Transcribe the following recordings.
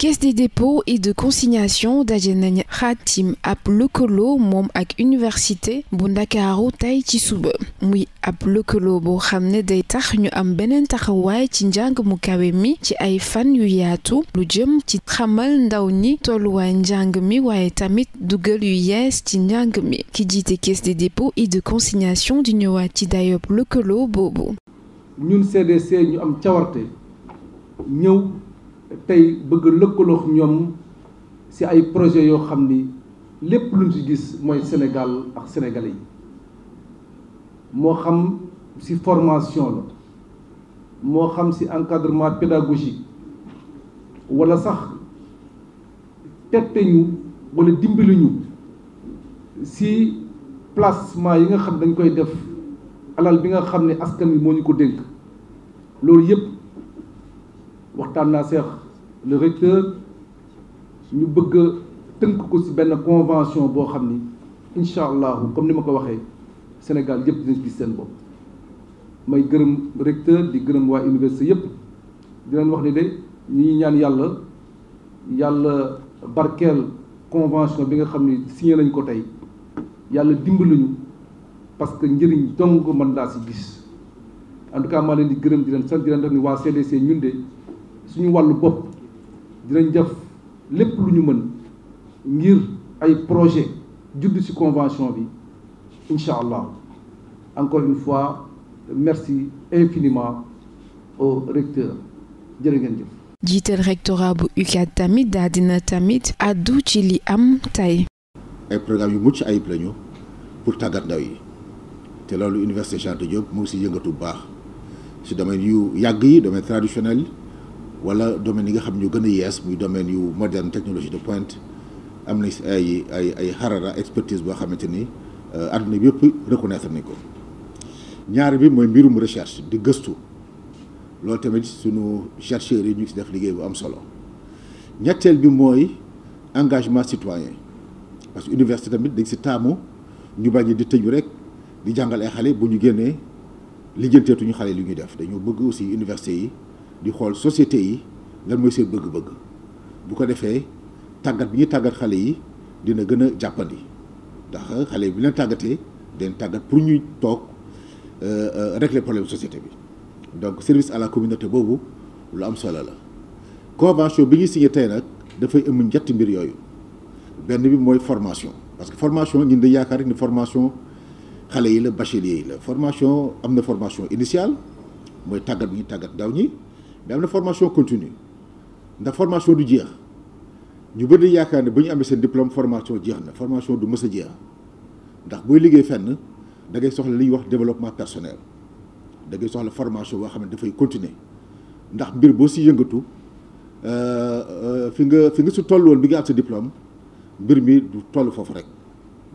caisse des dépôts et de consignation daje nañ xaatim ab lëkkaloo moom ak université bu ndakaaru tey ci suba muy ab lëkkaloo boo xam ne day tax ñu am beneen taxawaay ci njàng mu kawe mi ci ay fan yu yaatu lu jëm ci xamal ndaw ñi tolluwaay njàng mi waaye tamit dugal yu yees ci njàng mi ki jiite caisse des dépôts et de consignation di ñëwaat ci dayob lëkkaloo boobu ñun CDC ñu am cawarte tey bëgg lëkkaloo ñoom ci ay projet yoo xam ni lépp luñ ci gis mooy Sénégal ak sénégal yi moo xam ci formation la moo xam ci encadrement pédagogique walla sax tette ñu walla dimbali ñu ci placement yi nga xam dañ koy def alal bi nga xam ne askan wi moo ñu ko dénk loolu yépp waxtaan naa seex le recteur ñu bëgg tënk ko si benn convention boo xam ni incha allahu comme ni ma ko waxee Sénégal yëpp dinañ gis seen bopp may gërëm recteur di gërëm waa université yëpp di leen wax ni de ñu ngi ñaan yàlla yàlla barkeel convention bi nga xam ni signé nañ ko tey yàlla dimbaluñu parce que njëriñ dong mën naa ci gis en tout cas maa leen di gërëm di leen sant di leen ni waa CDC ñun de. suñu wàllu bopp dinañ def lépp lu ñu mën ngir ay projet judd ci convention bi incha allah encore une fois merci infiniment au recteur jërë ngeen jëf jiital rectorat bu UCAD tamit daal dina tamit addu ci li am tey ay programme yu mucc ayib lañu pour tàggat ndaw yi te loolu université Cheikh Anta Diop mu ngi si yëngatu bu baax si domaine yu yàgg yi domaine traditionnel wala domaine yi nga xam ñoo gën a yees muy domaine yu moderne technologie de pointe am na ay ay ay xarala expertise boo xamante ni àdduna euh, bi yëpp reconnaître nañ ko ñaar bi mooy mbirum recherche di gëstu loolu tamit suñu chercheurs yi ñu si def liggéey bu am solo ñetteel bi mooy engagement citoyen parce que université tamit dañ si taamu ñu bañ di tëju rek di jàngalee xale bu ñu génnee lijjanteetuñu xale li ñuy def dañoo bëgg aussi université yi di xool société yi lan mooy seen bëgg-bëgg bu ko defee tàggat bi ñu tàggat xale yi dina gën a jàppandi ndax xale yi bu leen tàggatee den tàggat pour ñuy toog euh, euh, régler problème société bi donc service à la communauté boobu lu am solo la convention bi ñuy signé tey nag dafay ëmb ñetti mbir yooyu benn bi mooy formation parce que formation ñun dañ yaakaar ni formation xale yi la bachelier yi la formation am na formation initiale mooy tàggat bi ñuy tàggat ndaw ñi mais am na formation continue ndax formation du jeex ñu bëri yaakaar ne bu ñu amee seen diplôme formation jeex na formation du mës a jeex ndax booy liggéey fenn da ngay soxla li ñuy wax développement personnel dangay soxla formation boo xam ne dafay continuer ndax mbir boo si yëngatu euh, euh, fi nga fi nga si toll woon bi nga am sa diplôme mbir mi du toll foofu rek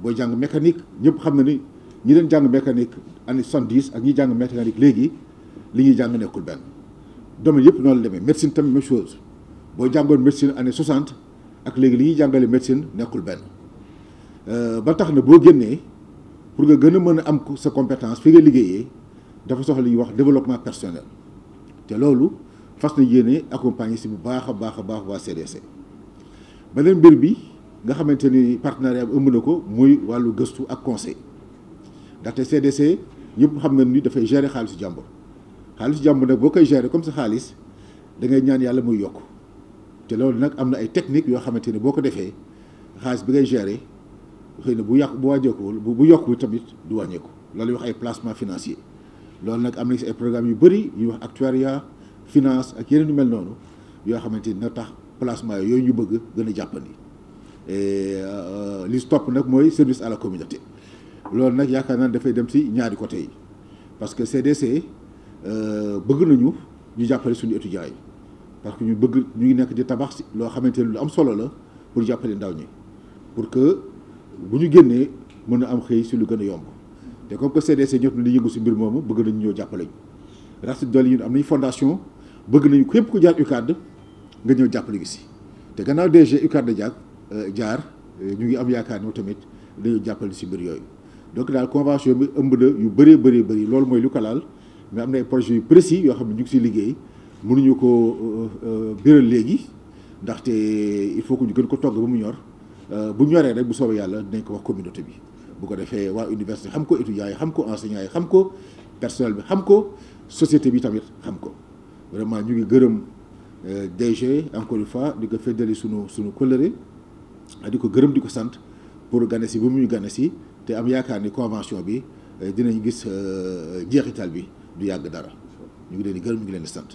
booy jàng mécanique ñëpp xam na ni ñi leen jàng mécanique année soixante-dix ak ñi jàng mécanique léegi li ñuy jàng nekkul domaine yëpp noonu la demee médecine tamit même chose boo jàngoon médecine année 60 ak léegi li ñuy jàngale médecine nekkul benn euh, ba tax na boo génnee pour nga gën a mën a am sa compétence fi nga liggéeyee dafa soxla li ñuy wax développement personnel te loolu fas na yéene accompagner si bu baax a baax a baax waa CDC beneen mbir bi nga xamante ni partenariat bi ëmb na ko muy wàllu gëstu ak conseil ndaxte CDC ñëpp xam nañ ni dafay gérer xaalisu jàmbur. xaalis jàmbur nag boo koy gérer comme sa xaalis da ngay ñaan yàlla muy yokk te loolu nag am na ay technique yoo xamante ne boo ko defee xaalis bi ngay gérer xëy na bu yàqu bu wàññeekuwul bu yokkuwul tamit du wàññeeku loolu wax ay placement financier loolu nag am na si ay programme yu bëri yu wax actuariat finance ak yeneen yu mel noonu yoo xamante ni na tax placement yooyu ñu bëgg gën a jàppandi euh, li topp nag mooy service à la communauté loolu nag yaakaar naa dafay dem si ñaari côté yi parce que CDC Euh, bëgg nañu ñu jàppale suñu étudiants yi parce que ñu bëgg ñu ngi nekk di tabax loo xamante ne lu am solo la pour jàppale ndaw ñi pour que bu ñu génnee mën a am xëy si lu gën a yomb te comme que CDC ñoom li yëngu si mbir moomu bëgg nañu ñëw jàppale ñu. rax si dool yi am nañu fondation bëgg nañu képp ku jaar UCAD nga ñëw jàppale si te gannaaw DG UCAD da euh, jaar euh, ñu ngi am yaakaar ne tamit dañoo jàppale si mbir yooyu donc daal convention bi ëmb na yu bëree bëri bëri loolu mooy lu ko laal. mais am na ay projets yu précis yoo xam ne ñu ngi si liggéey mënuñu ko euh, euh, biral léegi ndaxte il faut ko ñu gën ko togg ba mu ñor euh, bu ñoree rek bu soobee yàlla dinañ ko wax communauté bi bu ko defee waa université xam ko étudiants yi xam ko enseignants yi xam ko personnel bi xam ko société bi tamit xam ko vraiment ñu ngi gërëm DG encore une fois di ko feddali sunu sunu kóllëre di ko gërëm di ko sant pour gane si ba mu ñu gane si te am yaakaar ni convention bi dinañ gis jeexital bi du yàgg dara ñu ngi leen di gërëm ñu ngi leen di sant